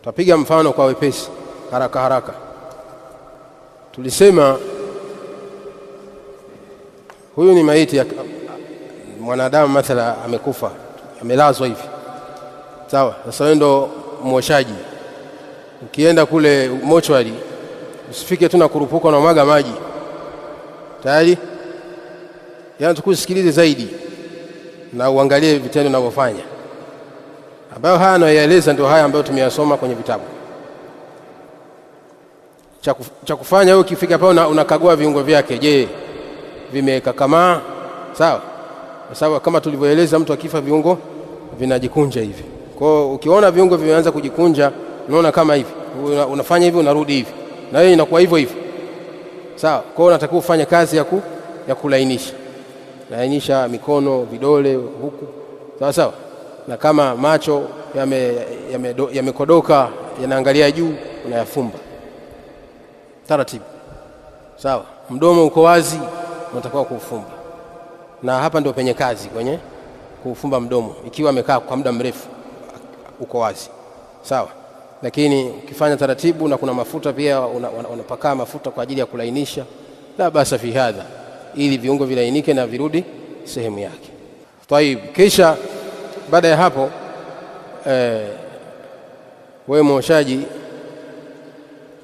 Tutapiga mfano kwa wepesi haraka haraka. Tulisema huyu ni maiti mwanadamu, mathala amekufa, amelazwa hivi, sawa. Sasa wewe ndo mwoshaji, ukienda kule mochwari usifike tu na kurupuka na mwaga maji tayari. Yaani tukusikilize zaidi na uangalie vitendo unavyofanya ambayo haya anayoeleza ndio haya ambayo tumeyasoma kwenye vitabu. Cha kufanya wewe ukifika pale unakagua viungo vyake, je, vimekakamaa? Sawa, kwa sababu kama tulivyoeleza, mtu akifa viungo vinajikunja hivi. Kwa hiyo ukiona viungo vimeanza kujikunja, unaona kama hivi, unafanya hivi, unarudi hivi, na wewe inakuwa hivyo hivyo. Sawa, kwa hiyo unatakiwa ufanye kazi ya, ku, ya kulainisha lainisha mikono, vidole huku, sawa sawa na kama macho yamekodoka yame, yame yanaangalia juu, unayafumba taratibu. Sawa, mdomo uko wazi, unatakiwa kuufumba, na hapa ndio penye kazi kwenye kuufumba mdomo, ikiwa amekaa kwa muda mrefu uko wazi. Sawa, lakini ukifanya taratibu, na kuna mafuta pia unapakaa una, mafuta kwa ajili ya kulainisha, la basa fi hadha, ili viungo vilainike na virudi sehemu yake. Taib, kisha baada ya hapo eh, wewe mwoshaji,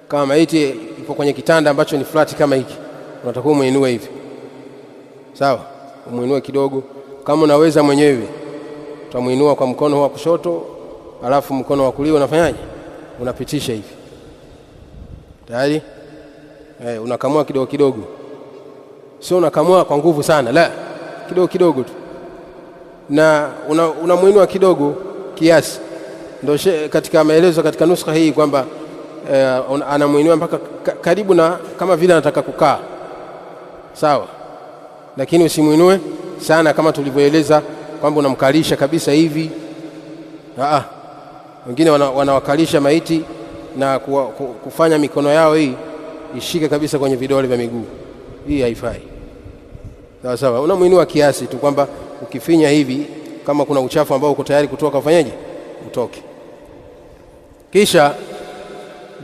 kama maiti ipo kwenye kitanda ambacho ni flat kama hiki, unatakiwa umwinue hivi, sawa, umwinue kidogo. Kama unaweza mwenyewe, utamwinua kwa mkono wa kushoto, alafu mkono wa kulia unafanyaje? Unapitisha hivi tayari. eh, unakamua kidogo kidogo, sio unakamua kwa nguvu sana, la, kidogo kidogo tu na unamwinua una kidogo kiasi, ndio katika maelezo katika nuskha hii kwamba eh, anamuinua mpaka karibu na kama vile anataka kukaa sawa, lakini usimuinue sana kama tulivyoeleza kwamba unamkalisha kabisa hivi. wengine wanawakalisha wana maiti na kuwa, ku, kufanya mikono yao hii ishike kabisa kwenye vidole vya miguu. Hii haifai sawa sawa, unamuinua kiasi tu kwamba ukifinya hivi, kama kuna uchafu ambao uko tayari kutoka, ufanyeje? Utoke. Kisha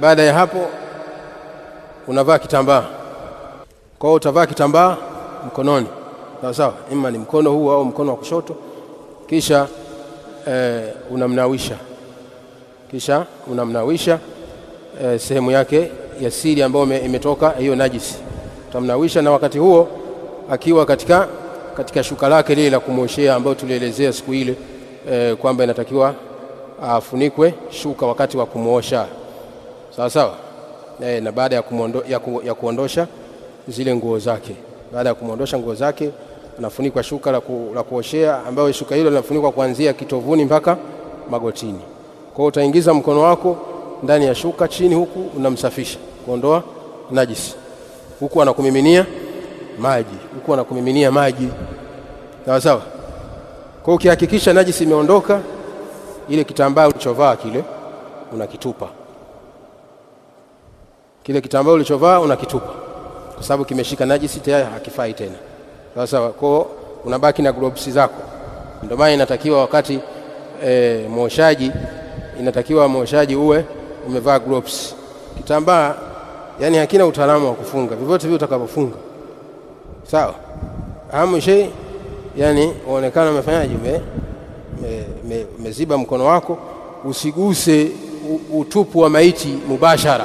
baada ya hapo unavaa kitambaa. Kwa hiyo utavaa kitambaa mkononi, sawa sawa, ima ni mkono huu au mkono wa kushoto. Kisha e, unamnawisha, kisha unamnawisha e, sehemu yake ya siri ambayo imetoka hiyo najisi, utamnawisha na wakati huo akiwa katika katika shuka lake lile la kumwoshea ambayo tulielezea siku ile e, kwamba inatakiwa afunikwe shuka wakati wa kumwosha sawa sawa, e, na baada ya, kumondo, ya, ku, ya kuondosha zile nguo zake, baada ya kumwondosha nguo zake anafunikwa shuka la, ku, la kuoshea ambayo shuka hilo linafunikwa kuanzia kitovuni mpaka magotini. Kwa utaingiza mkono wako ndani ya shuka chini, huku unamsafisha kuondoa najisi, huku anakumiminia maji, huku anakumiminia maji. Sawa sawa. Kwa hiyo ukihakikisha najisi imeondoka, ile kitambaa ulichovaa kile unakitupa, kile kitambaa ulichovaa unakitupa, kwa sababu kimeshika najisi tayari, hakifai tena. Sawa sawa. Kwa hiyo unabaki na gloves zako. Ndio maana inatakiwa wakati e, mwoshaji inatakiwa mwoshaji uwe umevaa gloves. Kitambaa yani hakina utaalamu wa kufunga, vyovyote vile utakavyofunga sawa. Ahamu shei yani uonekana umefanyaje, umeziba mkono wako, usiguse utupu wa maiti mubashara,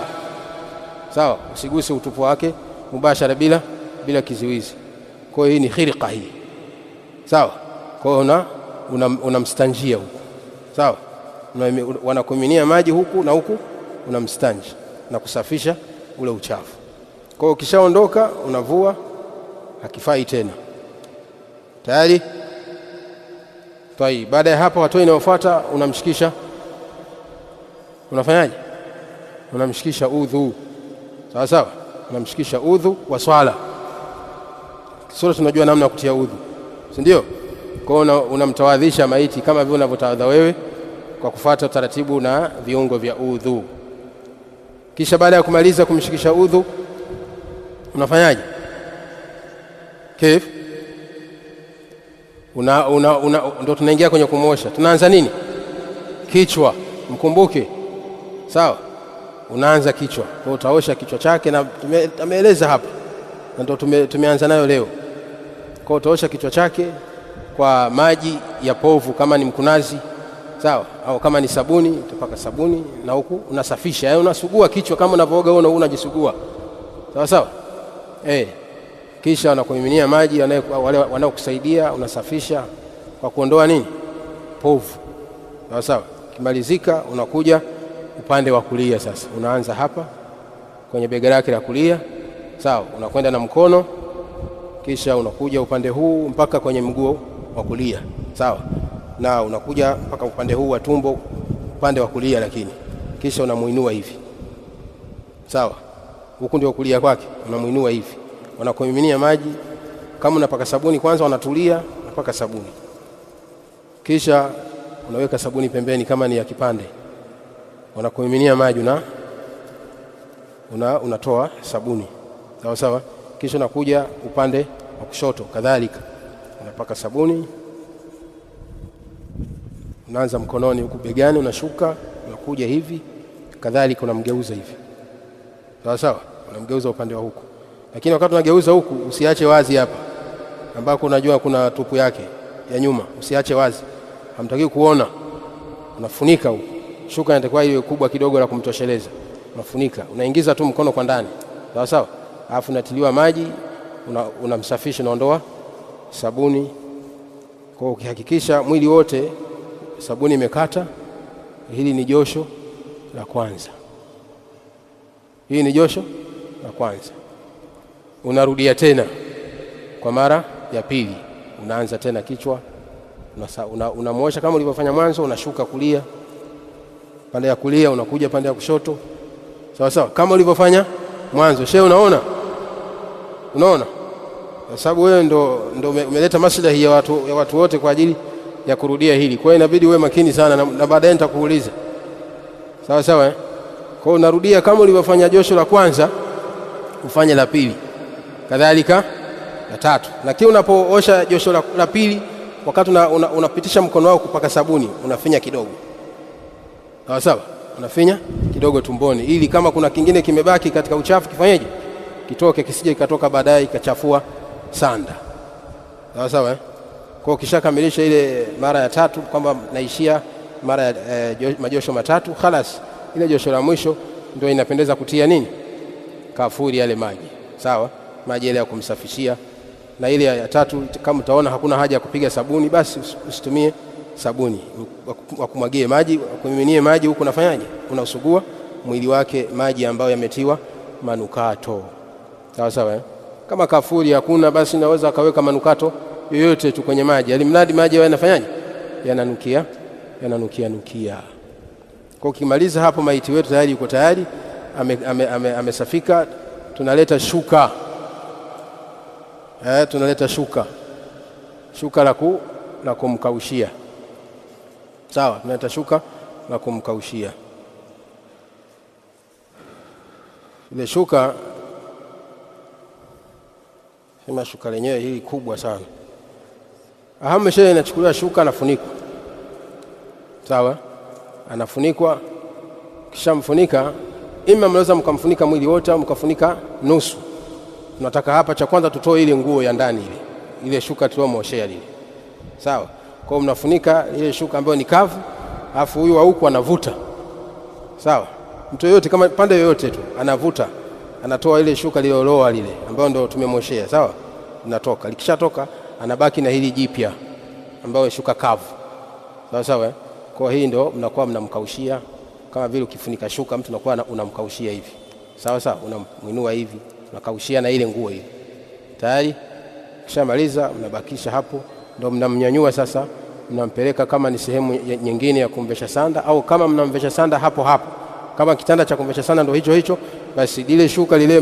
sawa. Usiguse utupu wake mubashara, bila bila kizuizi. Kwa hiyo hii ni khirqa hii, sawa. Kwa hiyo unamstanjia una, una huku sawa, wanakuminia maji huku na huku, unamstanji na kusafisha ule uchafu. Kwa hiyo ukishaondoka unavua hakifai tena. Tayari? tayari Baada ya hapo, hatua inayofuata unamshikisha, unafanyaje? Unamshikisha udhu, sawa sawa, unamshikisha udhu wa swala. Sura tunajua namna ya kutia udhu, si ndio? Kwa hiyo unamtawadhisha maiti kama vile unavyotawadha wewe kwa kufuata taratibu na viungo vya udhu. Kisha baada ya kumaliza kumshikisha udhu, unafanyaje? kif una, una, una, ndo tunaingia kwenye kumwosha. Tunaanza nini? Kichwa. Mkumbuke, sawa? Unaanza kichwa, kwa utaosha kichwa chake, na ameeleza hapa, na ndo tume, tumeanza nayo leo. Kwa utaosha kichwa chake kwa maji ya povu, kama ni mkunazi, sawa, au kama ni sabuni utapaka sabuni, na huku unasafisha, yaani unasugua kichwa kama unavyooga wewe, unajisugua, sawa sawa, eh kisha wanakumiminia maji wale wanaokusaidia, unasafisha kwa kuondoa nini povu. Sawa sawa, kimalizika unakuja upande wa kulia. Sasa unaanza hapa kwenye bega lake la kulia, sawa, unakwenda na mkono, kisha unakuja upande huu mpaka kwenye mguu wa kulia, sawa, na unakuja mpaka upande huu wa tumbo, upande wa kulia, lakini kisha unamuinua hivi, sawa, huku ndio kulia kwake, unamuinua hivi wanakumiminia maji. Kama unapaka sabuni kwanza, wanatulia, unapaka sabuni, kisha unaweka sabuni pembeni, kama ni ya kipande, wanakumiminia maji na una, unatoa sabuni sawa sawa, kisha unakuja upande wa kushoto, kadhalika unapaka sabuni, unaanza mkononi huku begani, unashuka unakuja hivi kadhalika, unamgeuza hivi sawa sawa, unamgeuza upande wa huku lakini wakati unageuza huku usiache wazi hapa ambako unajua kuna tupu yake ya nyuma, usiache wazi, hamtaki kuona, unafunika huku. Shuka inatakiwa iwe kubwa kidogo la kumtosheleza, unafunika, unaingiza tu mkono kwa ndani, sawa sawa, alafu unatiliwa maji, unamsafisha, una unaondoa sabuni kwa ukihakikisha mwili wote sabuni imekata. Hili ni josho la kwanza, hili ni josho la kwanza unarudia tena kwa mara ya pili, unaanza tena kichwa, unamwosha una kama ulivyofanya mwanzo, unashuka kulia, pande ya kulia unakuja pande ya kushoto, sawa sawa kama ulivyofanya mwanzo. Shehe, unaona unaona, kwa sababu wewe ndo, ndo umeleta maslahi ya watu, ya watu wote kwa ajili ya kurudia hili. Kwa hiyo inabidi uwe makini sana na, na baadaye nitakuuliza sawa sawa eh? Kwa hiyo unarudia kama ulivyofanya josho la kwanza, ufanye la pili kadhalika ya tatu. Lakini unapoosha josho la, la pili, wakati unapitisha una, una mkono wako kupaka sabuni, unafinya kidogo, sawa sawa, unafinya kidogo tumboni, ili kama kuna kingine kimebaki katika uchafu kifanyeje, kitoke, kisije kikatoka baadaye ikachafua sanda, sawa sawa eh? Kwa ukishakamilisha ile mara ya tatu, kwamba naishia mara ya eh, majosho matatu, khalas, ile josho la mwisho ndio inapendeza kutia nini, kafuri yale maji, sawa maji ya kumsafishia. Na ile ya tatu, kama utaona hakuna haja ya kupiga sabuni, basi usitumie sabuni, wakumwagie maji, wakumiminie maji huku, unafanyaje? Unausugua mwili wake maji ambayo yametiwa manukato, sawa sawa eh? Kama kafuri hakuna, basi naweza akaweka manukato yoyote tu kwenye maji, alimradi yaani maji yawe yanafanyaje, yananukia yananukia nukia. Kwa ukimaliza hapo, maiti wetu tayari yuko tayari, amesafika, ame, ame, ame tunaleta shuka eh, tunaleta shuka shuka la ku la kumkaushia sawa, tunaleta shuka la kumkaushia. Ile shuka sema, shuka lenyewe hili kubwa sana, ahamu inachukuliwa shuka, anafunikwa sawa, anafunikwa kisha mfunika, ima mnaweza mkamfunika mwili wote au mkafunika nusu tunataka hapa, cha kwanza tutoe ile nguo ya ndani ile ile shuka tuliomoshea lile, sawa. Kwa hiyo mnafunika ile shuka ambayo ni kavu, alafu huyu wa huku anavuta, sawa. Mtu yoyote kama pande yoyote tu anavuta, anatoa ile shuka lililoloa lile ambayo ndio tumemoshea, sawa, natoka Likishatoka anabaki na hili jipya ambayo ni shuka kavu, sawa sawa. Eh? Kwa hii ndio mnakuwa mnamkaushia, kama vile ukifunika shuka mtu unakuwa unamkaushia hivi, sawa sawa, unamwinua hivi nakaushia na ile nguo hiyo tayari. Kishamaliza mnabakisha hapo, ndio mnamnyanyua sasa, mnampeleka kama ni sehemu nyingine ya kumvesha sanda, au kama mnamvesha sanda hapo hapo, kama kitanda cha kumvesha sanda ndio hicho hicho, basi lile shuka lile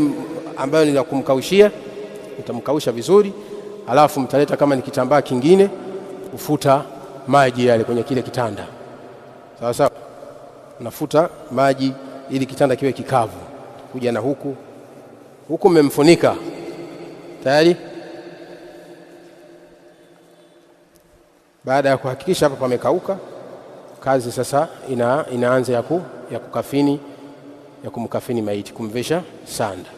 ambayo ni la kumkaushia mtamkausha vizuri, alafu mtaleta kama ni kitambaa kingine kufuta maji yale kwenye kile kitanda, sawa sawa, nafuta maji ili kitanda kiwe kikavu, kuja na huku huku mmemfunika tayari. Baada ya kuhakikisha hapa pamekauka, kazi sasa ina, inaanza ya, ku, ya kukafini ya kumkafini maiti, kumvesha sanda.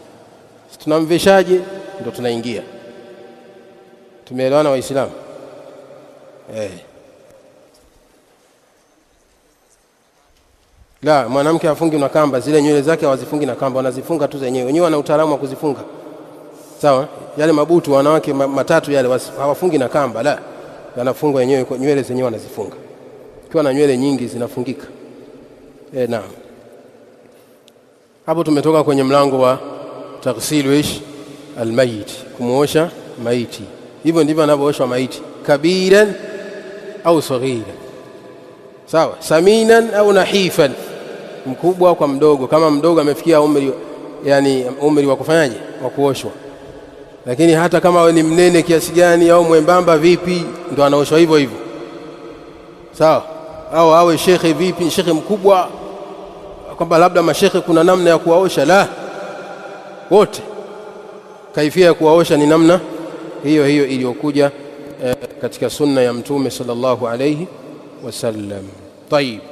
Tunamveshaje? Ndo tunaingia. Tumeelewana Waislamu eh? La, mwanamke afungi na kamba, zile nywele zake hawazifungi na kamba, wanazifunga tu zenyewe. Wenyewe wana utaalamu wa kuzifunga, sawa. Yale mabutu wanawake matatu yale hawafungi na kamba, la, yanafungwa wenyewe, nywele zenyewe wanazifunga. Ukiwa na nywele nyingi zinafungika. E, naam. Hapo tumetoka kwenye mlango wa taghsilu ish almayit, kumuosha maiti. Hivyo ndivyo anavyooshwa maiti, kabiran au saghira, sawa, saminan au nahifan mkubwa kwa mdogo, kama mdogo amefikia umri, yani umri wa kufanyaje, wa kuoshwa. Lakini hata kama we ni mnene kiasi gani au mwembamba vipi, ndo anaoshwa hivyo hivyo, sawa. Au awe shekhe vipi, shekhe mkubwa, kwamba labda mashekhe kuna namna ya kuwaosha, la wote kaifia ya kuwaosha ni namna hiyo hiyo iliyokuja eh, katika sunna ya Mtume sallallahu alayhi wasallam. Tayib.